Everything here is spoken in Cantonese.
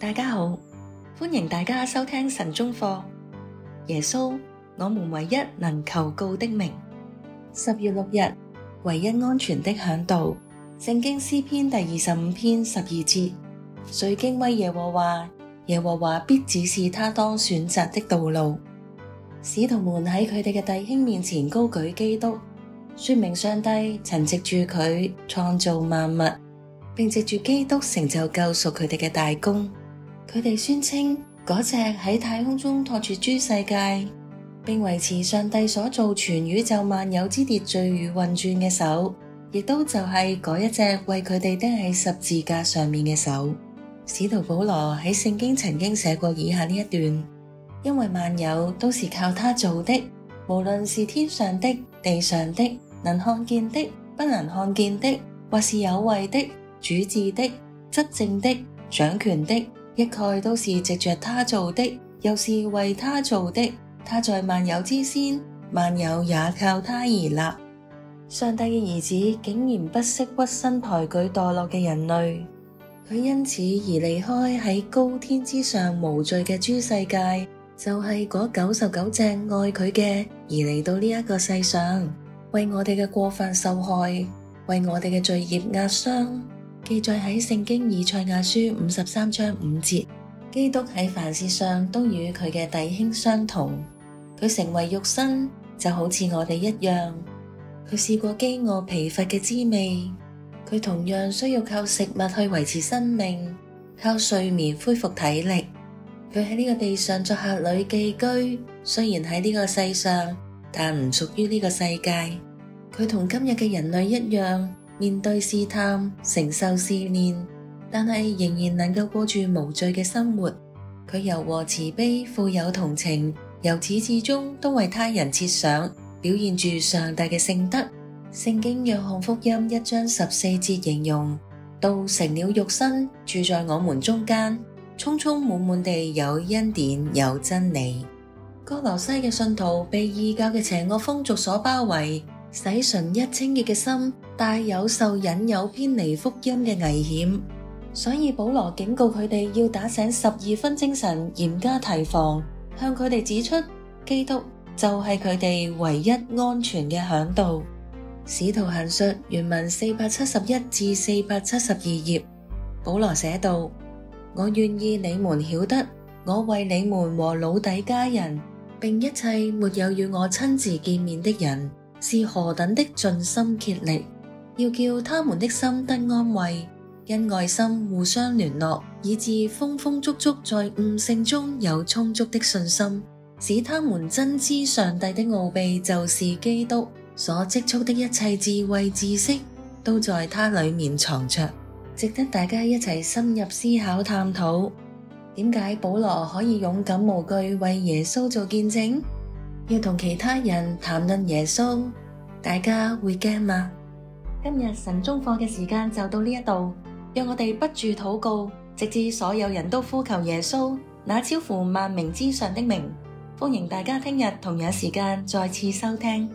大家好，歡迎大家收聽晨鐘課。耶穌，我們唯一能求告的名。十月六日，唯一安全的嚮導。聖經詩篇第二十五篇十二節，誰敬畏耶和華，耶和華必指示他當選擇的道路。使徒們喺佢哋嘅弟兄面前高舉基督，說明上帝曾藉住佢創造萬物，並藉住基督成就救贖佢哋嘅大功。佢哋宣稱，嗰隻喺太空中托住諸世界，並維持上帝所造全宇宙萬有之秩序與運轉嘅手，亦都就係嗰一隻為佢哋釘喺十字架上面嘅手。使徒保羅喺聖經曾經寫過以下呢一段：因為萬有都是靠他做的，無論是天上的、地上的、能看見的、不能看見的，或是有位的、主治的、執政的、掌權的。一概都是藉着他做的，又是為他做的。他在萬有之先，萬有也靠他而立。上帝嘅兒子竟然不惜屈身抬舉墮落嘅人類，佢因此而離開喺高天之上無罪嘅諸世界，就係嗰九十九隻愛佢嘅而嚟到呢一個世上，為我哋嘅過犯受害，為我哋嘅罪孽壓傷。記載喺聖經以賽亞書五十三章五節，基督喺凡事上都與佢嘅弟兄相同，佢成為肉身就好似我哋一樣，佢試過飢餓疲乏嘅滋味，佢同樣需要靠食物去維持生命，靠睡眠恢復體力，佢喺呢個地上作客旅寄居，雖然喺呢個世上，但唔屬於呢個世界，佢同今日嘅人類一樣。面對試探，承受試煉，但係仍然能夠過住無罪嘅生活。佢柔和慈悲，富有同情，由始至終都為他人設想，表現住上帝嘅聖德。聖經約翰福音一章十四節形容，道成了肉身，住在我們中間，充充滿滿地有恩典，有真理。哥羅西嘅信徒被異教嘅邪惡風俗所包圍，使純一清潔嘅心，帶有受引誘偏離福音嘅危險，所以保羅警告佢哋要打醒十二分精神，嚴加提防。向佢哋指出，基督就係佢哋唯一安全嘅嚮導。使徒行述原文四百七十一至四百七十二頁，保羅寫道：我願意你們曉得，我為你們和老底嘉人，並一切沒有與我親自見面的人，是何等的盡心竭力。要叫他們的心得安慰，因愛心互相聯絡，以致豐豐足足在悟性中有充足的信心，使他們真知上帝的奧秘，就是基督，所積蓄的一切智慧知識都在他裏面藏着，值得大家一齊深入思考探討。點解保羅可以勇敢無懼為耶穌做見證，要同其他人談論耶穌，大家會驚嗎？今日神中課嘅時間就到呢一度，讓我哋不住禱告，直至所有人都呼求耶穌，那超乎萬名之上的名。歡迎大家聽日同樣時間再次收聽。